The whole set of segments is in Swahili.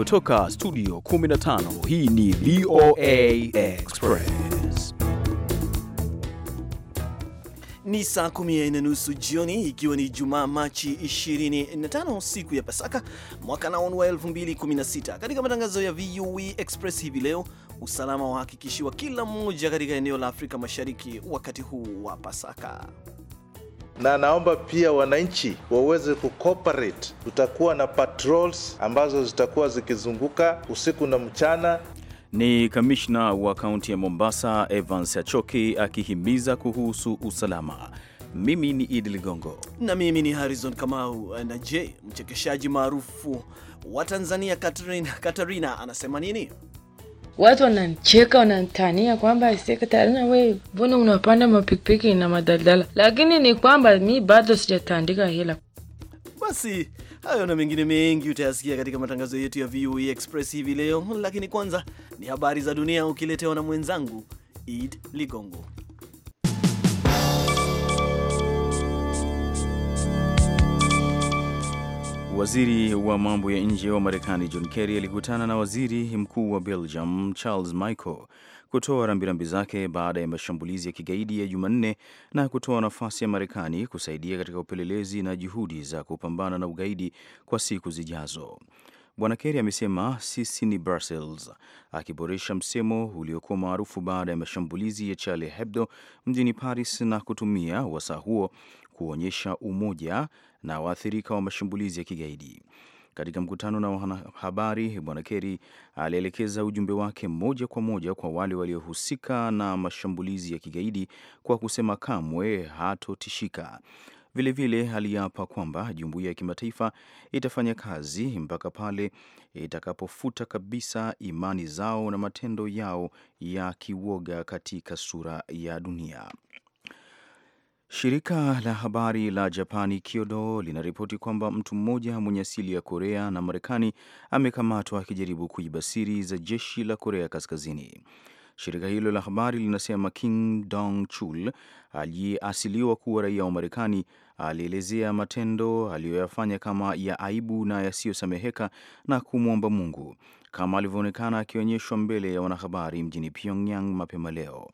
Kutoka studio 15 hii ni VOA Express. Ni saa kumi na nusu jioni ikiwa ni Jumaa Machi 25 siku ya Pasaka mwaka naonu wa 2016. Katika matangazo ya VOA Express hivi leo, usalama wahakikishiwa kila mmoja katika eneo la Afrika Mashariki wakati huu wa Pasaka na naomba pia wananchi waweze kucooperate. Tutakuwa na patrols ambazo zitakuwa zikizunguka usiku na mchana. Ni kamishna wa kaunti ya Mombasa Evans Achoki akihimiza kuhusu usalama. Mimi ni Idi Ligongo na mimi ni Harrison Kamau. Na je, mchekeshaji maarufu wa Tanzania Katarina, Katarina anasema nini? watu wananicheka, wanatania kwamba Katarina, we mbona unapanda mapikipiki na madaldala Lakini ni kwamba mi bado sijatandika hela. Basi hayo na mengine mengi utayasikia katika matangazo yetu ya VOA e Express hivi leo, lakini kwanza ni habari za dunia ukiletewa na mwenzangu Id Ligongo. Waziri wa mambo ya nje wa Marekani John Kerry alikutana na waziri mkuu wa Belgium Charles Michel kutoa rambirambi zake baada ya mashambulizi ya kigaidi ya Jumanne na kutoa nafasi ya Marekani kusaidia katika upelelezi na juhudi za kupambana na ugaidi kwa siku zijazo. Bwana Kerry amesema sisi ni Brussels, akiboresha msemo uliokuwa maarufu baada ya mashambulizi ya Charlie Hebdo mjini Paris na kutumia wasaa huo kuonyesha umoja na waathirika wa mashambulizi ya kigaidi. Katika mkutano na wanahabari, Bwana Kerry alielekeza ujumbe wake moja kwa moja kwa wale waliohusika na mashambulizi ya kigaidi kwa kusema kamwe hatotishika. Vilevile aliapa kwamba jumuiya ya kimataifa itafanya kazi mpaka pale itakapofuta kabisa imani zao na matendo yao ya kiwoga katika sura ya dunia. Shirika la habari la Japani Kyodo linaripoti kwamba mtu mmoja mwenye asili ya Korea na Marekani amekamatwa akijaribu kuiba siri za jeshi la Korea Kaskazini. Shirika hilo la habari linasema king Dong Chul aliyeasiliwa kuwa raia wa Marekani alielezea matendo aliyoyafanya kama ya aibu na yasiyosameheka na kumwomba Mungu, kama alivyoonekana akionyeshwa mbele ya wanahabari mjini Pyongyang mapema leo.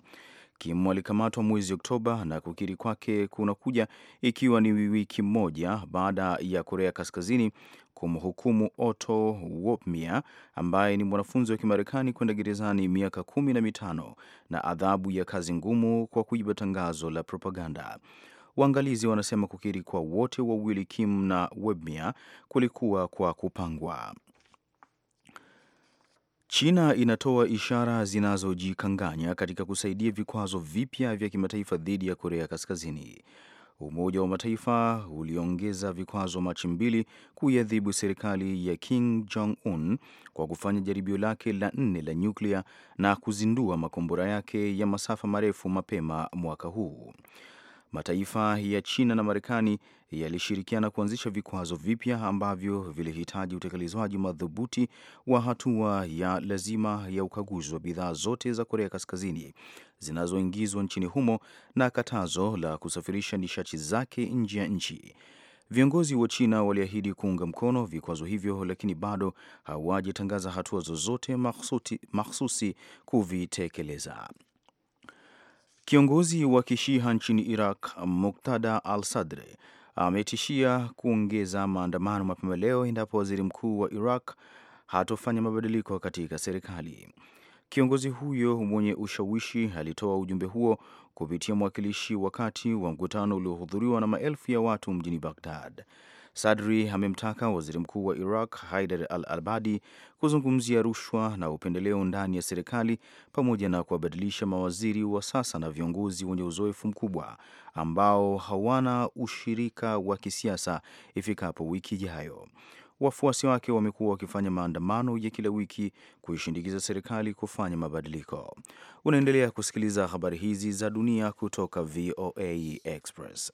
Kim alikamatwa mwezi Oktoba na kukiri kwake kunakuja ikiwa ni wiki moja baada ya Korea Kaskazini kumhukumu Otto Wopmia ambaye ni mwanafunzi wa Kimarekani kwenda gerezani miaka kumi na mitano na adhabu ya kazi ngumu kwa kuiba tangazo la propaganda. Waangalizi wanasema kukiri kwa wote wawili Kim na Webmia kulikuwa kwa kupangwa. China inatoa ishara zinazojikanganya katika kusaidia vikwazo vipya vya kimataifa dhidi ya Korea Kaskazini. Umoja wa Mataifa uliongeza vikwazo Machi mbili kuiadhibu serikali ya Kim Jong Un kwa kufanya jaribio lake la nne la nyuklia na kuzindua makombora yake ya masafa marefu mapema mwaka huu mataifa ya China na Marekani yalishirikiana kuanzisha vikwazo vipya ambavyo vilihitaji utekelezwaji madhubuti wa hatua ya lazima ya ukaguzi wa bidhaa zote za Korea Kaskazini zinazoingizwa nchini humo na katazo la kusafirisha nishati zake nje ya nchi. Viongozi wa China waliahidi kuunga mkono vikwazo hivyo, lakini bado hawajatangaza hatua zozote mahsusi kuvitekeleza. Kiongozi wa kishiha nchini Iraq, Muktada al Sadre, ametishia kuongeza maandamano mapema leo endapo waziri mkuu wa Iraq hatofanya mabadiliko katika serikali. Kiongozi huyo mwenye ushawishi alitoa ujumbe huo kupitia mwakilishi wakati wa mkutano uliohudhuriwa na maelfu ya watu mjini Baghdad. Sadri amemtaka waziri mkuu wa Iraq Haidar al-Abadi kuzungumzia rushwa na upendeleo ndani ya serikali pamoja na kuwabadilisha mawaziri wa sasa na viongozi wenye uzoefu mkubwa ambao hawana ushirika wa kisiasa ifikapo wiki ijayo. Wafuasi wake wamekuwa wakifanya maandamano ya kila wiki kuishindikiza serikali kufanya mabadiliko. Unaendelea kusikiliza habari hizi za dunia kutoka VOA Express.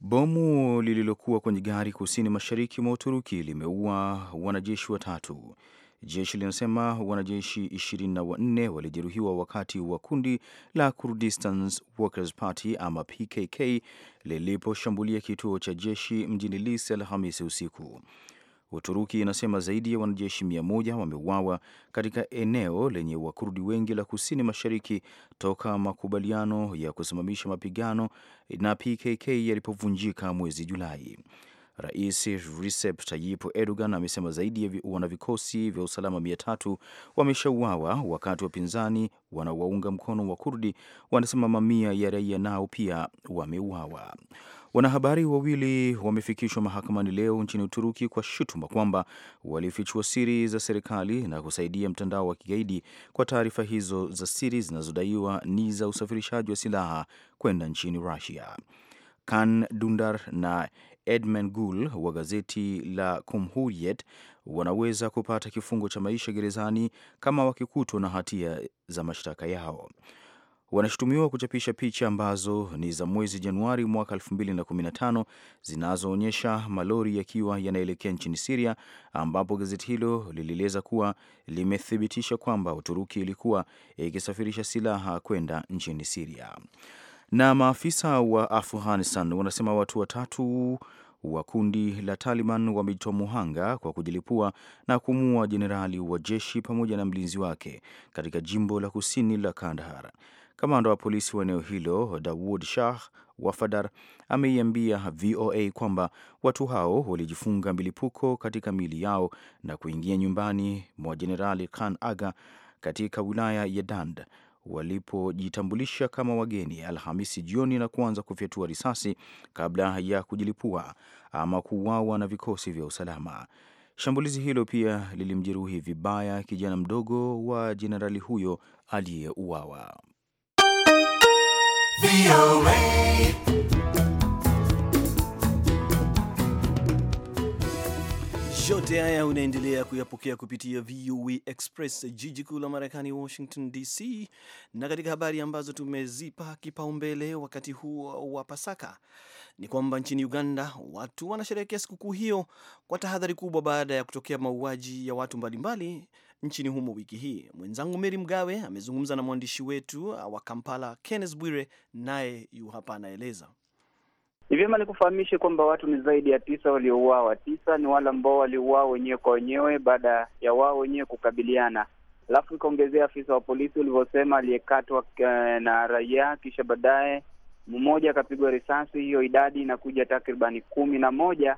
Bomu lililokuwa kwenye gari kusini mashariki mwa Uturuki limeua wanajeshi watatu. Jeshi linasema wanajeshi 2 wanne walijeruhiwa wakati wa kundi la Kurdistan Workers Party ama PKK liliposhambulia kituo cha jeshi mjini Lis Alhamisi usiku. Uturuki inasema zaidi ya wanajeshi mia moja wameuawa katika eneo lenye Wakurdi wengi la kusini mashariki toka makubaliano ya kusimamisha mapigano na PKK yalipovunjika mwezi Julai. Rais Recep Tayyip Erdogan amesema zaidi ya wanavikosi vya usalama mia tatu wameshauawa, wakati wapinzani wanaowaunga mkono wa Kurdi wanasema mamia ya raia nao pia wameuawa. Wanahabari wawili wamefikishwa mahakamani leo nchini Uturuki kwa shutuma kwamba walifichua siri za serikali na kusaidia mtandao wa kigaidi kwa taarifa hizo za siri zinazodaiwa ni za usafirishaji wa silaha kwenda nchini Rusia. Kan Dundar na Edmen Gul wa gazeti la Cumhuriyet wanaweza kupata kifungo cha maisha gerezani kama wakikutwa na hatia za mashtaka yao wanashutumiwa kuchapisha picha ambazo ni za mwezi Januari mwaka 2015 zinazoonyesha malori yakiwa yanaelekea nchini Siria, ambapo gazeti hilo lilieleza kuwa limethibitisha kwamba Uturuki ilikuwa ikisafirisha silaha kwenda nchini Siria. Na maafisa wa Afghanistan wanasema watu watatu wa kundi la Taliban wamejitoa muhanga kwa kujilipua na kumuua jenerali wa jeshi pamoja na mlinzi wake katika jimbo la kusini la Kandahar. Kamanda wa polisi wa eneo hilo Dawood Shah Wafadar ameiambia VOA kwamba watu hao walijifunga milipuko katika miili yao na kuingia nyumbani mwa Jenerali Khan Aga katika wilaya ya Dand walipojitambulisha kama wageni Alhamisi jioni na kuanza kufyatua risasi kabla ya kujilipua ama kuuawa na vikosi vya usalama. Shambulizi hilo pia lilimjeruhi vibaya kijana mdogo wa jenerali huyo aliyeuawa. Yote haya unaendelea kuyapokea kupitia VOA Express, jiji kuu la Marekani, Washington DC. Na katika habari ambazo tumezipa kipaumbele wakati huu wa Pasaka ni kwamba nchini Uganda watu wanasherehekea sikukuu hiyo kwa tahadhari kubwa, baada ya kutokea mauaji ya watu mbalimbali nchini humo wiki hii. Mwenzangu Meri Mgawe amezungumza na mwandishi wetu uh, wa Kampala Kenneth Bwire, naye yu hapa anaeleza. Ni vyema nikufahamishe kwamba watu ni zaidi ya tisa waliouawa. Tisa ni wale ambao waliuawa wenyewe kwa wenyewe baada ya wao wenyewe kukabiliana, alafu ikaongezea afisa wa polisi ulivyosema, aliyekatwa eh, na raia, kisha baadaye mmoja akapigwa risasi. Hiyo idadi inakuja takribani kumi na moja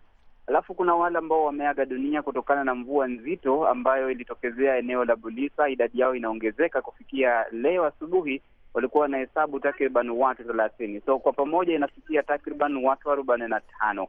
Alafu kuna wale ambao wameaga dunia kutokana na mvua nzito ambayo ilitokezea eneo la Bulisa. Idadi yao inaongezeka kufikia leo asubuhi, walikuwa wanahesabu takriban watu thelathini. So kwa pamoja inafikia takriban watu arobaini na tano.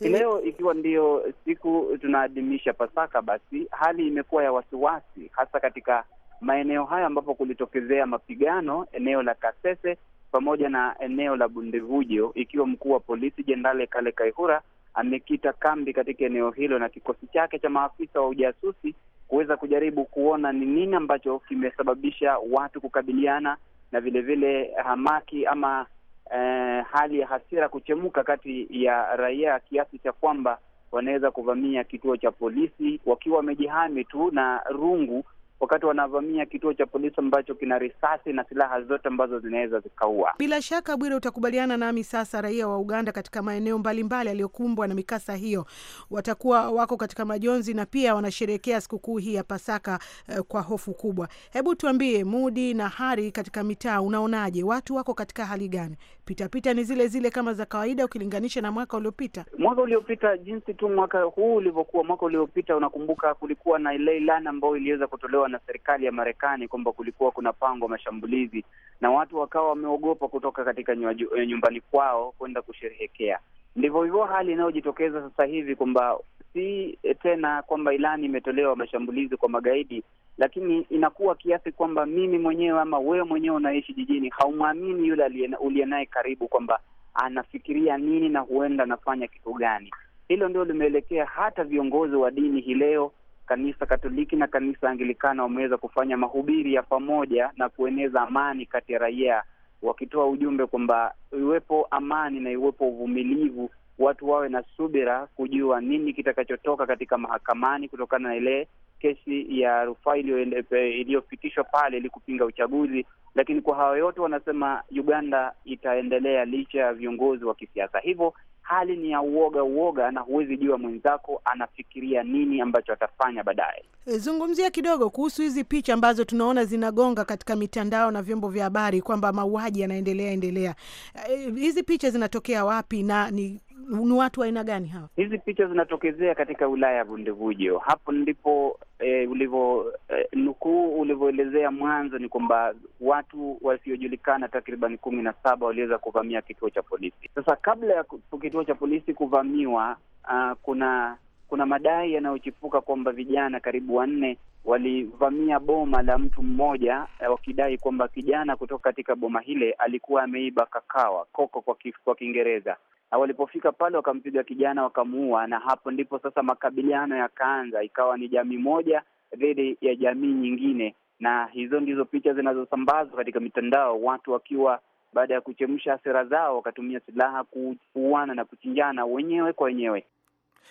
Leo ikiwa ndiyo siku tunaadhimisha Pasaka, basi hali imekuwa ya wasiwasi, hasa katika maeneo hayo ambapo kulitokezea mapigano eneo la Kasese pamoja na eneo la Bundevujo, ikiwa mkuu wa polisi Jenerali Kale Kaihura amekita kambi katika eneo hilo na kikosi chake cha maafisa wa ujasusi kuweza kujaribu kuona ni nini ambacho kimesababisha watu kukabiliana na vilevile vile hamaki ama eh, hali ya hasira kuchemuka kati ya raia kiasi cha kwamba wanaweza kuvamia kituo cha polisi wakiwa wamejihami tu na rungu wakati wanavamia kituo cha polisi ambacho kina risasi na silaha zote ambazo zinaweza zikaua. Bila shaka, Bwire, utakubaliana nami sasa, raia wa Uganda katika maeneo mbalimbali yaliyokumbwa na mikasa hiyo watakuwa wako katika majonzi na pia wanasherehekea sikukuu hii ya Pasaka eh, kwa hofu kubwa. Hebu tuambie, Mudi na Hari, katika mitaa unaonaje? Watu wako katika hali gani? Pitapita ni zile zile kama za kawaida ukilinganisha na mwaka uliopita? Mwaka uliopita jinsi tu mwaka huu ulivyokuwa, mwaka uliopita unakumbuka, kulikuwa na ile ilani ambayo iliweza kutolewa na serikali ya Marekani kwamba kulikuwa kuna pango mashambulizi, na watu wakawa wameogopa kutoka katika eh, nyumbani kwao kwenda kusherehekea. Ndivyo hivyo hali inayojitokeza sasa hivi kwamba si eh, tena kwamba ilani imetolewa mashambulizi kwa magaidi, lakini inakuwa kiasi kwamba mimi mwenyewe ama wewe mwenyewe unaishi jijini haumwamini yule uliye naye karibu kwamba anafikiria nini na huenda anafanya kitu gani. Hilo ndio limeelekea hata viongozi wa dini hii leo kanisa Katoliki na kanisa Anglikana wameweza kufanya mahubiri ya pamoja na kueneza amani kati ya raia, wakitoa ujumbe kwamba iwepo amani na iwepo uvumilivu, watu wawe na subira kujua nini kitakachotoka katika mahakamani kutokana na ile kesi ya rufaa iliyofikishwa pale ili kupinga uchaguzi lakini kwa hawa yote wanasema Uganda itaendelea licha ya viongozi wa kisiasa. Hivyo hali ni ya uoga uoga, na huwezi jua mwenzako anafikiria nini ambacho atafanya baadaye. E, zungumzia kidogo kuhusu hizi picha ambazo tunaona zinagonga katika mitandao na vyombo vya habari kwamba mauaji yanaendelea endelea. E, hizi picha zinatokea wapi na ni ni watu wa aina gani hawa? Hizi picha zinatokezea katika wilaya ya vundevujo Hapo ndipo e, ulivyo eh, nukuu ulivyoelezea mwanzo ni kwamba watu wasiojulikana takriban kumi na saba waliweza kuvamia kituo cha polisi. Sasa kabla ya kituo cha polisi kuvamiwa, uh, kuna kuna madai yanayochipuka kwamba vijana karibu wanne walivamia boma la mtu mmoja eh, wakidai kwamba kijana kutoka katika boma hile alikuwa ameiba kakawa koko kwa kifu, kwa Kiingereza. Walipofika pale wakampiga kijana wakamuua, na hapo ndipo sasa makabiliano yakaanza, ikawa ni jamii moja dhidi ya jamii nyingine, na hizo ndizo picha zinazosambazwa katika mitandao, watu wakiwa baada ya kuchemsha hasira zao wakatumia silaha kuuana na kuchinjana wenyewe kwa wenyewe.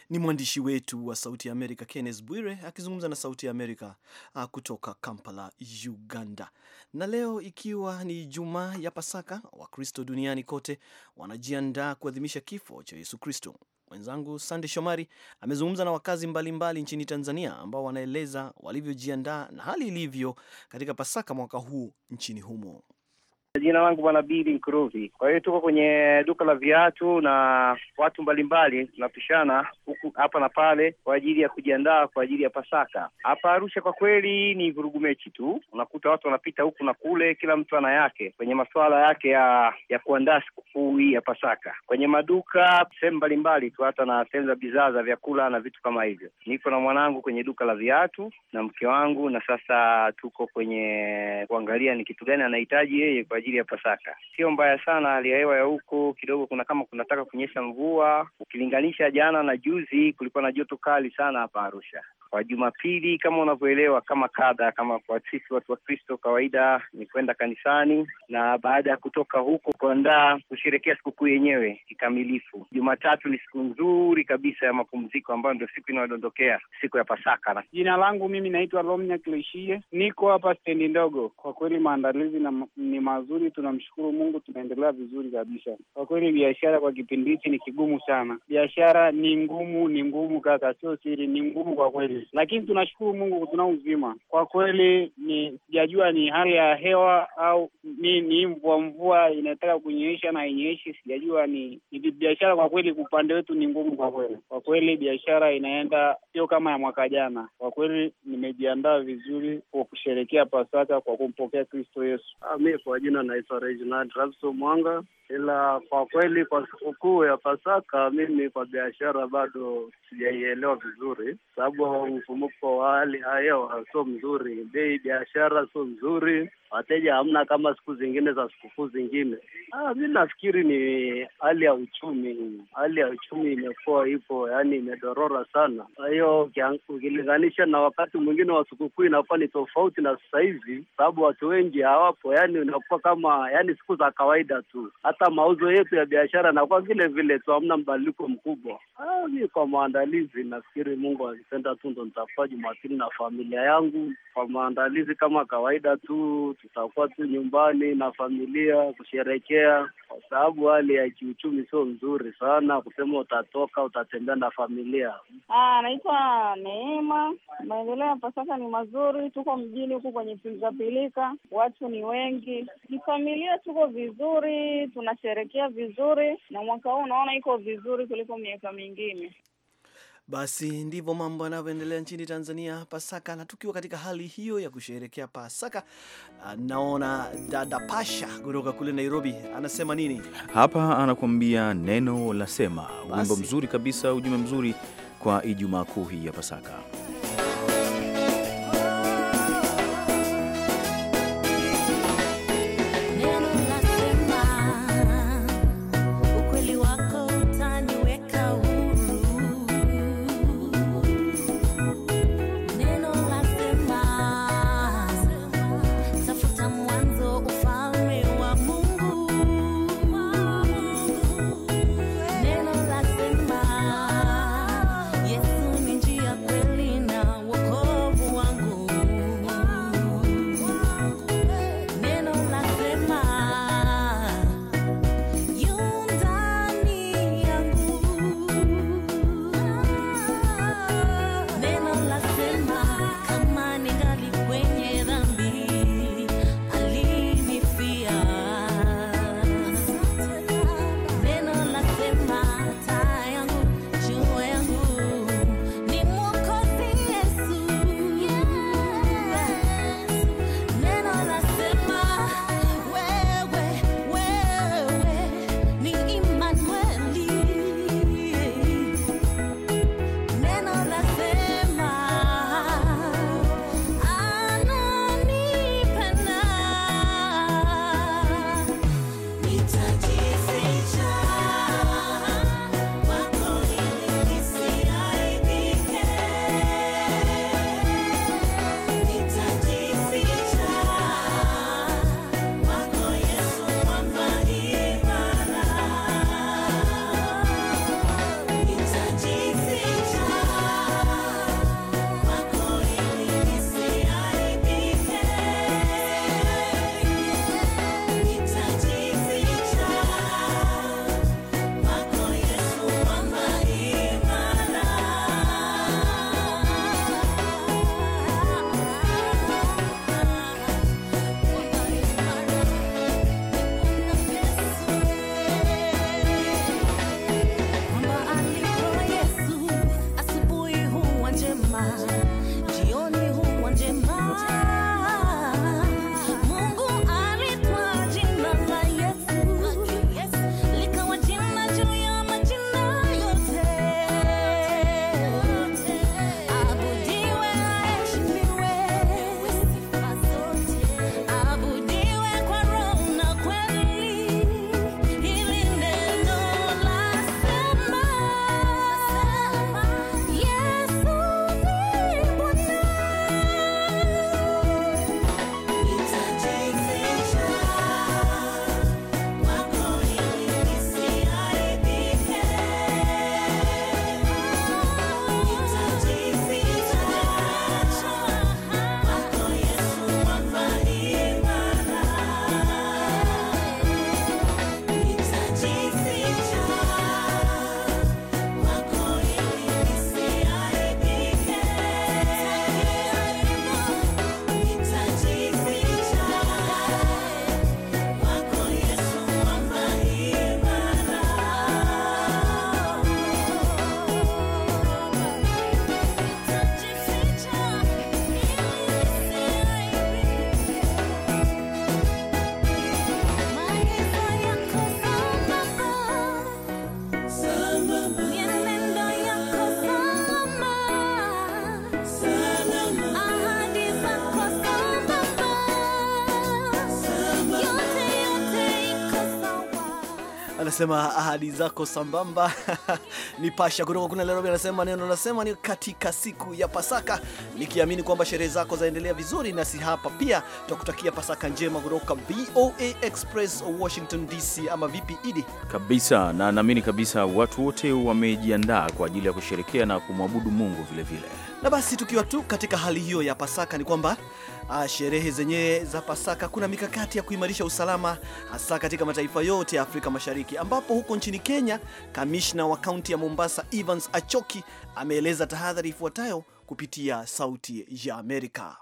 Ni mwandishi wetu wa Sauti ya Amerika Kenneth Bwire akizungumza na Sauti ya Amerika ah, kutoka Kampala, Uganda. Na leo ikiwa ni Ijumaa ya Pasaka, Wakristo duniani kote wanajiandaa kuadhimisha kifo cha Yesu Kristo. Mwenzangu Sande Shomari amezungumza na wakazi mbalimbali mbali nchini Tanzania ambao wanaeleza walivyojiandaa na hali ilivyo katika Pasaka mwaka huu nchini humo. Jina langu Bwana Bili Mkuruvi. Kwa hiyo tuko kwenye duka la viatu na watu mbalimbali tunapishana huku hapa na pale kwa ajili ya kujiandaa kwa ajili ya Pasaka. Hapa Arusha kwa kweli ni vurugu mechi tu, unakuta watu wanapita huku na kule, kila mtu ana yake kwenye masuala yake ya ya kuandaa sikukuu hii ya Pasaka, kwenye maduka sehemu mbalimbali tu, hata na sehemu za bidhaa za vyakula na vitu kama hivyo. Niko na mwanangu kwenye duka la viatu na mke wangu, na sasa tuko kwenye kuangalia ni kitu gani anahitaji yeye kwa ajili ya Pasaka. Sio mbaya sana hali ya hewa ya huko, kidogo kuna kama kunataka kunyesha mvua. Ukilinganisha jana na juzi, kulikuwa na joto kali sana hapa Arusha. Kwa Jumapili kama unavyoelewa, kama kadha kama kwa sisi watu wa Kristo kawaida ni kwenda kanisani, na baada ya kutoka huko kuandaa kusherekea sikukuu yenyewe kikamilifu. Jumatatu ni siku nzuri kabisa ya mapumziko, ambayo ndio siku inayodondokea siku ya Pasaka. Jina langu mimi naitwa Lomnya Kleishie, niko hapa stendi ndogo. Kwa kweli maandalizi ni mazuri vizuri, tunamshukuru Mungu, tunaendelea vizuri kabisa. Kwa kweli biashara kwa kipindi hichi ni kigumu sana, biashara ni ngumu, ni ngumu kaka, sio siri, ni ngumu kwa kweli, lakini tunashukuru Mungu tuna uzima kwa kweli. Ni sijajua ni hali ya hewa au ni, ni mvua mvua inataka kunyesha na inyeshi, sijajua ni, ni biashara kwa kweli, upande wetu ni ngumu kwa kweli. Kwa kweli biashara inaenda sio kama ya mwaka jana. Kwa kweli nimejiandaa vizuri kwa kusherekea Pasaka kwa kumpokea Kristo Yesu. Amen. Kwa jina na Naisa Reginald Rapso Mwanga ila kwa kweli kwa sikukuu ya Pasaka mimi kwa biashara bado sijaielewa vizuri, sababu mfumuko wa hali ya hewa sio mzuri, bei biashara sio mzuri, wateja hamna kama siku zingine za sikukuu zingine. Ah, mi nafikiri ni hali ya uchumi, hali ya uchumi imekuwa ipo, yani imedorora sana. Kwa hiyo ukilinganisha na wakati mwingine wa sikukuu inakuwa ni tofauti na sasa hivi, sababu watu wengi hawapo, yani unakuwa kama yani siku za kawaida tu hata mauzo yetu ya biashara, na kwa vile vile tu hamna mbadiliko mkubwa. ni ah, kwa maandalizi, nafikiri Mungu akipenda tu ndo nitakuwa Jumapili na familia yangu kwa maandalizi kama kawaida tu, tutakuwa tu nyumbani na familia kusherekea, kwa sababu hali ya kiuchumi sio nzuri sana kusema utatoka utatembea na familia. anaitwa ah, Neema. Maendeleo hapa sasa ni mazuri, tuko mjini huku kwenye pilikapilika, watu ni wengi, kifamilia tuko vizuri, tuna tunasherekea vizuri, na mwaka huu unaona iko vizuri kuliko miaka mingine. Basi ndivyo mambo yanavyoendelea nchini Tanzania Pasaka, na tukiwa katika hali hiyo ya kusherekea Pasaka, naona dada Pasha kutoka kule Nairobi anasema nini hapa, anakuambia neno la sema, wimbo mzuri kabisa, ujumbe mzuri kwa Ijumaa kuu hii ya Pasaka. anasema ahadi zako sambamba. ni pasha kutoka kuna Nairobi anasema neno nasema ni katika siku ya Pasaka, nikiamini kwamba sherehe zako zaendelea vizuri, nasi hapa pia tutakutakia Pasaka njema kutoka VOA Express Washington DC. Ama vipi Idi? Kabisa, na naamini kabisa watu wote wamejiandaa kwa ajili ya kusherekea na kumwabudu Mungu vilevile vile. Na basi tukiwa tu katika hali hiyo ya Pasaka, ni kwamba ah, sherehe zenyewe za Pasaka kuna mikakati ya kuimarisha usalama hasa katika mataifa yote ya Afrika Mashariki, ambapo huko nchini Kenya, kamishna wa kaunti ya Mombasa Evans Achoki ameeleza tahadhari ifuatayo kupitia Sauti ya Amerika.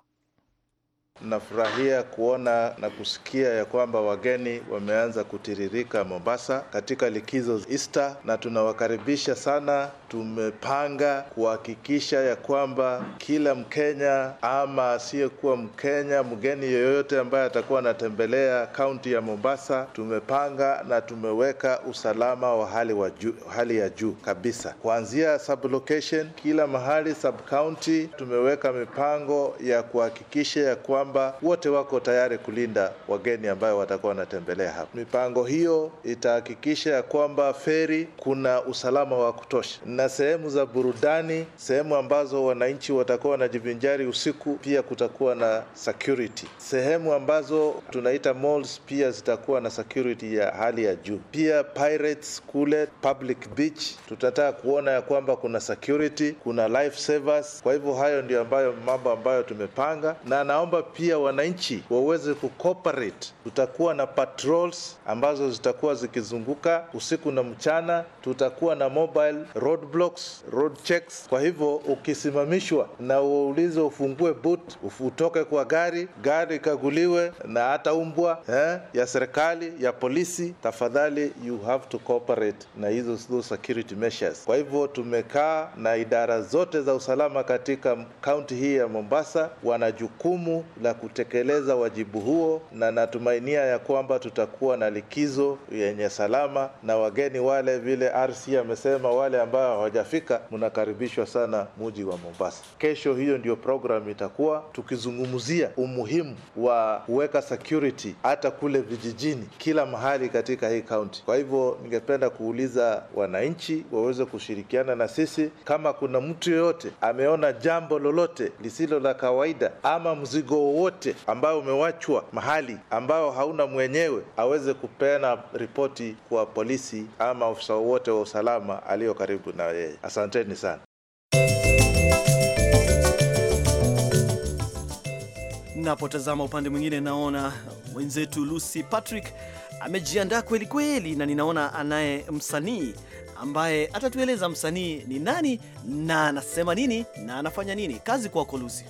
Nafurahia kuona na kusikia ya kwamba wageni wameanza kutiririka Mombasa katika likizo Easter, na tunawakaribisha sana. Tumepanga kuhakikisha ya kwamba kila Mkenya ama asiyekuwa Mkenya, mgeni yoyote ambaye atakuwa anatembelea kaunti ya Mombasa, tumepanga na tumeweka usalama wa hali, wa juu, hali ya juu kabisa, kuanzia sub location, kila mahali sub county tumeweka mipango ya kuhakikisha ya kwamba kwamba wote wako tayari kulinda wageni ambayo watakuwa wanatembelea hapa. Mipango hiyo itahakikisha ya kwamba feri kuna usalama wa kutosha, na sehemu za burudani, sehemu ambazo wananchi watakuwa wanajivinjari usiku, pia kutakuwa na security. Sehemu ambazo tunaita malls pia zitakuwa na security ya hali ya juu. Pia pirates kule public beach tutataka kuona ya kwamba kuna security, kuna life savers. Kwa hivyo hayo ndio ambayo mambo ambayo tumepanga na naomba pia wananchi waweze kucooperate. Tutakuwa na patrols ambazo zitakuwa zikizunguka usiku na mchana, tutakuwa na mobile road blocks, road checks. Kwa hivyo ukisimamishwa na uulize ufungue boot, utoke kwa gari, gari ikaguliwe na hata umbwa eh, ya serikali ya polisi, tafadhali you have to cooperate na hizo security measures. Kwa hivyo tumekaa na idara zote za usalama katika kaunti hii ya Mombasa, wana jukumu la kutekeleza wajibu huo, na natumainia ya kwamba tutakuwa na likizo yenye salama, na wageni wale vile RC amesema wale ambao hawajafika mnakaribishwa sana muji wa Mombasa. Kesho hiyo ndio program itakuwa tukizungumzia umuhimu wa kuweka security hata kule vijijini, kila mahali katika hii kaunti. Kwa hivyo ningependa kuuliza wananchi waweze kushirikiana na sisi, kama kuna mtu yoyote ameona jambo lolote lisilo la kawaida ama mzigo wowote ambao umewachwa mahali ambao hauna mwenyewe aweze kupeana ripoti kwa polisi ama ofisa wowote wa usalama aliyo karibu na yeye. Asanteni sana. Napotazama upande mwingine, naona mwenzetu Lucy Patrick amejiandaa kweli kweli, na ninaona anaye msanii ambaye atatueleza msanii ni nani na anasema nini na anafanya nini. Kazi kwako lusi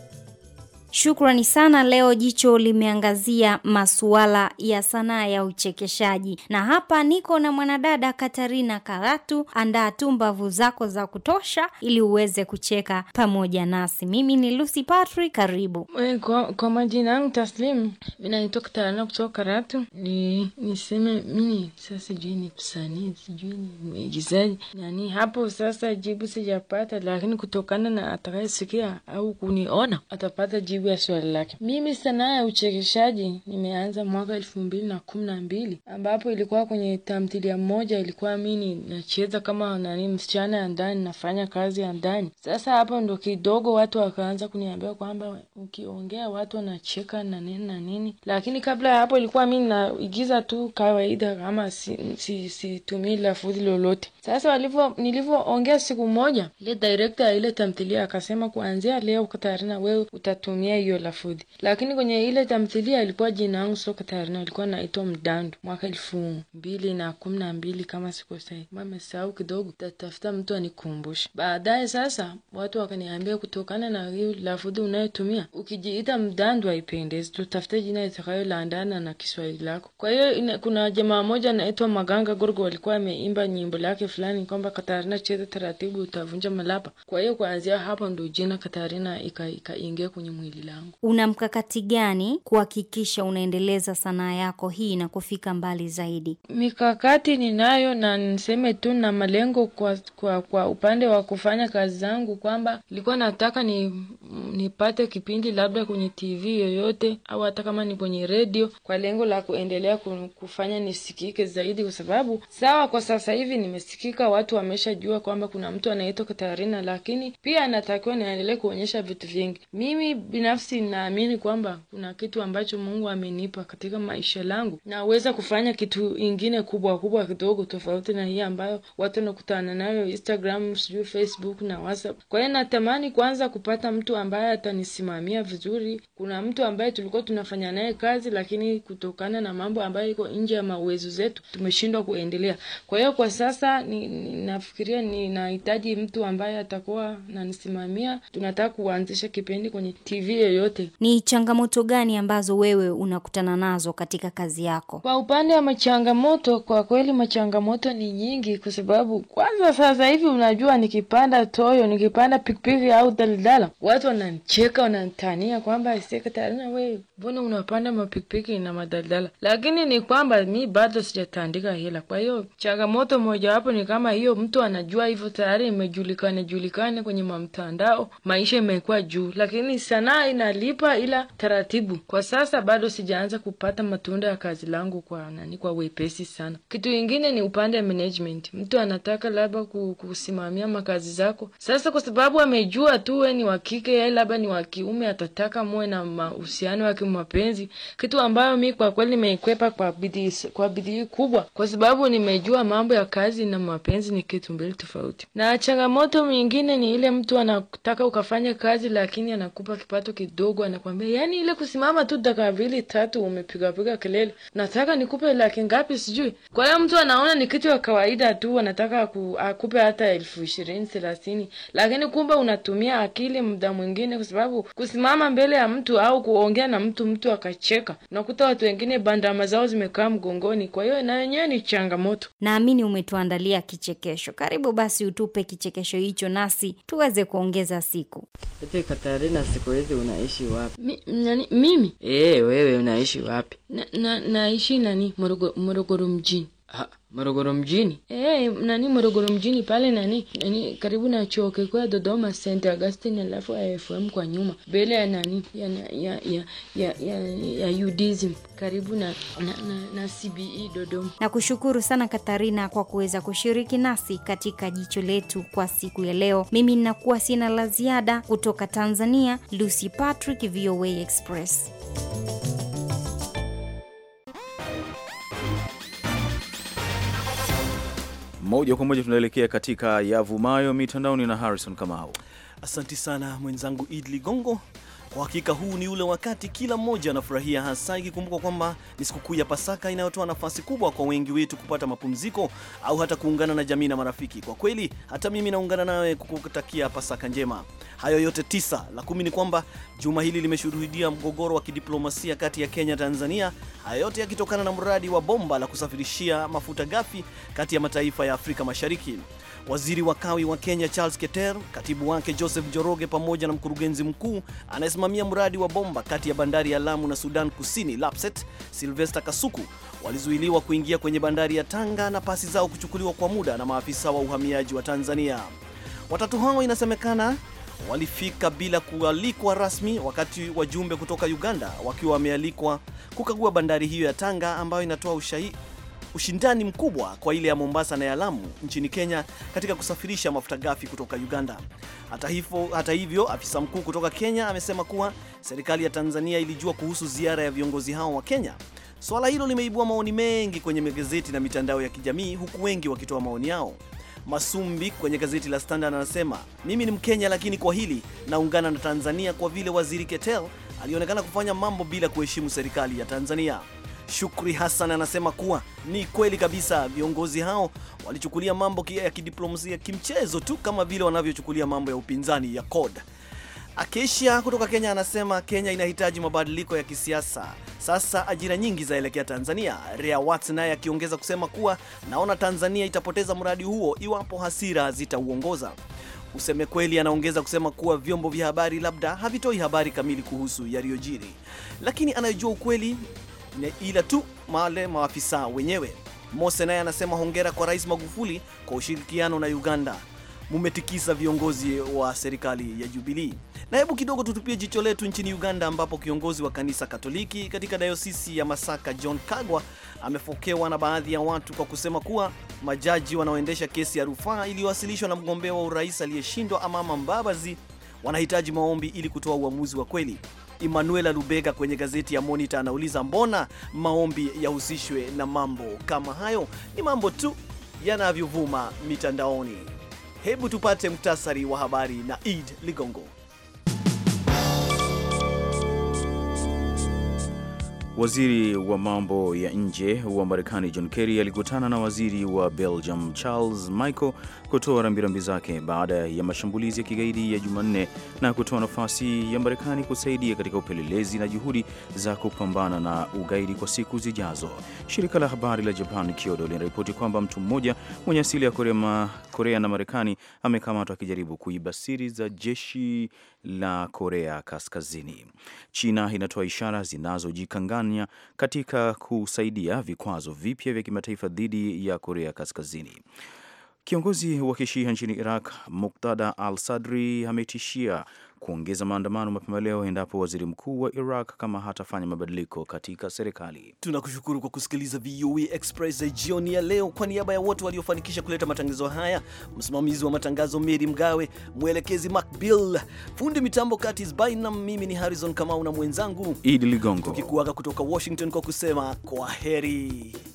Shukrani sana. Leo jicho limeangazia masuala ya sanaa ya uchekeshaji, na hapa niko na mwanadada Katarina Karatu. Andaa tu mbavu zako za kutosha ili uweze kucheka pamoja nasi. Mimi ni Lucy Patrick, karibu. Eh, kwa, kwa majina yangu taslimu, mi naitwa Katarina kutoka Karatu. Ni niseme mimi sasa, sijui ni msanii, sijui ni mwigizaji nani, hapo sasa jibu sijapata, lakini kutokana na atakayesikia au kuniona atapata jibu majibu ya swali lake. Mimi sanaa ya uchekeshaji nimeanza mwaka elfu mbili na kumi na mbili ambapo ilikuwa kwenye tamthilia moja, ilikuwa mi nacheza kama nani msichana ya ndani, nafanya kazi ya ndani. Sasa hapo ndo kidogo watu wakaanza kuniambia kwamba ukiongea watu wanacheka na nini na nini, lakini kabla ya hapo ilikuwa mi naigiza tu kawaida, kama situmii si, si, si lafudhi lolote. Sasa walivyo nilivyoongea siku moja, ile director ile tamthilia akasema kuanzia leo Katarina, wewe utatumia kutumia hiyo lafudhi, lakini kwenye ile tamthilia ilikuwa jina yangu sio Katarina, ilikuwa naitwa Mdandu mwaka elfu mbili na kumi na mbili kama sikosei, Mamesahau kidogo, tatafuta mtu anikumbushe baadaye. Sasa watu wakaniambia kutokana na hiyo lafudhi unayotumia ukijiita Mdandu haipendezi, tutafute jina itakayolandana na Kiswahili lako. Kwa hiyo kuna jamaa moja anaitwa Maganga Gorgo alikuwa ameimba nyimbo lake fulani kwamba Katarina, cheza taratibu utavunja malapa. Kwa hiyo kuanzia hapo ndo jina Katarina ikaingia ika kwenye mwili langu. Una mkakati gani kuhakikisha unaendeleza sanaa yako hii na kufika mbali zaidi? Mikakati ninayo na niseme tu na malengo kwa, kwa, kwa upande wa kufanya kazi zangu kwamba nilikuwa nataka ni nipate kipindi labda kwenye TV yoyote au hata kama ni kwenye redio kwa lengo la kuendelea kufanya nisikike zaidi, kwa sababu sawa, kwa sasa hivi nimesikika, watu wameshajua kwamba kuna mtu anaitwa Katarina, lakini pia anatakiwa niendelee kuonyesha vitu vingi mimi binafsi ninaamini kwamba kuna kitu ambacho Mungu amenipa katika maisha langu, naweza kufanya kitu ingine kubwa kubwa kidogo tofauti na hii ambayo watu wanakutana nayo Instagram, sijui Facebook na WhatsApp. Kwa hiyo natamani kwanza kupata mtu ambaye atanisimamia vizuri. Kuna mtu ambaye tulikuwa tunafanya naye kazi, lakini kutokana na mambo ambayo iko nje ya mawezo zetu tumeshindwa kuendelea. Kwa hiyo kwa sasa ni, ni, nafikiria ninahitaji mtu ambaye atakuwa nanisimamia. Tunataka kuanzisha kipindi kwenye TV familia yoyote. Ni changamoto gani ambazo wewe unakutana nazo katika kazi yako? Kwa upande wa machangamoto, kwa kweli machangamoto ni nyingi, kwa sababu kwanza sasa hivi unajua, nikipanda toyo, nikipanda pikipiki au daladala, watu wananicheka, wanantania kwamba Katarina, we mbona unapanda mapikipiki na madaladala? Lakini ni kwamba mi bado sijatandika hela. Kwa hiyo changamoto mojawapo ni kama hiyo, mtu anajua hivyo tayari imejulikana julikane kwenye mamtandao, maisha imekuwa juu, lakini sanaa inalipa ila taratibu. Kwa sasa bado sijaanza kupata matunda ya kazi langu kwa nani, kwa wepesi sana. Kitu ingine ni upande wa management, mtu anataka labda kusimamia makazi zako. Sasa kwa sababu amejua tu we ni wa kike, yeye labda ni wa kiume, atataka muwe na mahusiano ya kimapenzi, kitu ambayo mi kwa kweli nimeikwepa kwa bidii kwa bidii kubwa, kwa sababu nimejua mambo ya kazi na mapenzi ni kitu mbili tofauti. Na changamoto mingine ni ile mtu anataka ukafanya kazi, lakini anakupa kipato kidogo, anakwambia yani ile kusimama tu dakika mbili tatu umepigapiga kelele, nataka nikupe laki ngapi sijui. Kwa hiyo mtu anaona ni kitu ya kawaida tu, anataka ku, akupe hata elfu ishirini thelathini, lakini kumbe unatumia akili muda mwingine, kwa sababu kusimama mbele ya mtu au kuongea na mtu mtu akacheka, unakuta watu wengine bandama zao zimekaa mgongoni. Kwa hiyo na wenyewe ni changamoto. Naamini umetuandalia kichekesho, karibu basi utupe kichekesho hicho nasi tuweze kuongeza siku. Katarina siku hizi unaishi wapi? Mi, nani, mimi? Eh, wewe unaishi wapi? Na, na, naishi nani? Morogoro mjini. Morogoro mjini e, nani Morogoro mjini pale nani nani karibu na choke kikuu ya Dodoma St Augustine, alafu AFM kwa nyuma mbele ya nani ya ya ya ya, ya, ya UDSM karibu na na, na, na CBE Dodoma. Na kushukuru sana Katarina kwa kuweza kushiriki nasi katika jicho letu kwa siku ya leo. Mimi ninakuwa sina la ziada kutoka Tanzania. Lucy Patrick, VOA Express. Moja kwa moja tunaelekea katika yavumayo mitandaoni na Harrison Kamau. Asante sana mwenzangu Idli Ligongo. Kwa hakika huu ni ule wakati kila mmoja anafurahia, hasa ikikumbuka kwamba ni sikukuu ya Pasaka inayotoa nafasi kubwa kwa wengi wetu kupata mapumziko au hata kuungana na jamii na marafiki. Kwa kweli hata mimi naungana nawe kukutakia Pasaka njema. Hayo yote tisa. La kumi ni kwamba juma hili limeshuhudia mgogoro wa kidiplomasia kati ya Kenya Tanzania, hayo yote yakitokana na mradi wa bomba la kusafirishia mafuta ghafi kati ya mataifa ya Afrika Mashariki. Waziri wa kawi wa Kenya Charles Keter, katibu wake Joseph Njoroge pamoja na mkurugenzi mkuu anayesimamia mradi wa bomba kati ya bandari ya Lamu na Sudan Kusini Lapset, Sylvester Kasuku walizuiliwa kuingia kwenye bandari ya Tanga na pasi zao kuchukuliwa kwa muda na maafisa wa uhamiaji wa Tanzania. Watatu hao inasemekana walifika bila kualikwa rasmi, wakati wajumbe kutoka Uganda wakiwa wamealikwa kukagua bandari hiyo ya Tanga ambayo inatoa ushahidi ushindani mkubwa kwa ile ya Mombasa na ya Lamu nchini Kenya katika kusafirisha mafuta ghafi kutoka Uganda. Hata hivyo, hata hivyo afisa mkuu kutoka Kenya amesema kuwa serikali ya Tanzania ilijua kuhusu ziara ya viongozi hao wa Kenya. Swala hilo limeibua maoni mengi kwenye magazeti na mitandao ya kijamii huku wengi wakitoa maoni yao. Masumbi kwenye gazeti la Standard anasema mimi ni Mkenya, lakini kwa hili naungana na Tanzania kwa vile Waziri Ketel alionekana kufanya mambo bila kuheshimu serikali ya Tanzania. Shukri Hassan anasema kuwa ni kweli kabisa, viongozi hao walichukulia mambo ya kidiplomasia kimchezo tu kama vile wanavyochukulia mambo ya upinzani ya COD. Akesha kutoka Kenya anasema Kenya inahitaji mabadiliko ya kisiasa. Sasa ajira nyingi zaelekea Tanzania. Rea Watts naye akiongeza kusema kuwa naona Tanzania itapoteza mradi huo iwapo hasira zitauongoza. Useme kweli anaongeza kusema kuwa vyombo vya habari labda havitoi habari kamili kuhusu yaliyojiri, lakini anayejua ukweli ila tu wale maafisa wenyewe. Mose naye anasema hongera kwa Rais Magufuli kwa ushirikiano na Uganda, mumetikisa viongozi wa serikali ya Jubilii. Na hebu kidogo tutupie jicho letu nchini Uganda, ambapo kiongozi wa kanisa Katoliki katika dayosisi ya Masaka John Kagwa amefokewa na baadhi ya watu kwa kusema kuwa majaji wanaoendesha kesi ya rufaa iliyowasilishwa na mgombea wa urais aliyeshindwa Amama Mbabazi wanahitaji maombi ili kutoa uamuzi wa kweli. Emmanuel Lubega kwenye gazeti ya Monitor anauliza mbona maombi yahusishwe na mambo kama hayo? Ni mambo tu yanavyovuma mitandaoni. Hebu tupate muktasari wa habari na Eid Ligongo. Waziri wa mambo ya nje wa Marekani John Kerry alikutana na waziri wa Belgium Charles Michael kutoa rambirambi zake baada ya mashambulizi ya kigaidi ya Jumanne na kutoa nafasi ya Marekani kusaidia katika upelelezi na juhudi za kupambana na ugaidi kwa siku zijazo. Shirika la habari la Japan Kyodo linaripoti kwamba mtu mmoja mwenye asili ya Korea, Korea na Marekani amekamatwa akijaribu kuiba siri za jeshi la Korea Kaskazini. China inatoa ishara zinazojikanganya katika kusaidia vikwazo vipya vya kimataifa dhidi ya Korea Kaskazini. Kiongozi wa kishia nchini Iraq Muktada al Sadri ametishia kuongeza maandamano mapema leo endapo waziri mkuu wa Iraq kama hatafanya mabadiliko katika serikali. Tunakushukuru kwa kusikiliza VOA e Express jioni ya leo. Kwa niaba ya wote waliofanikisha kuleta matangazo haya, msimamizi wa matangazo Meri Mgawe, mwelekezi Macbill, fundi mitambo Curtis Bynam, mimi ni Harrison Kamau na mwenzangu Idi Ligongo tukikuaga kutoka Washington kwa kusema kwa heri.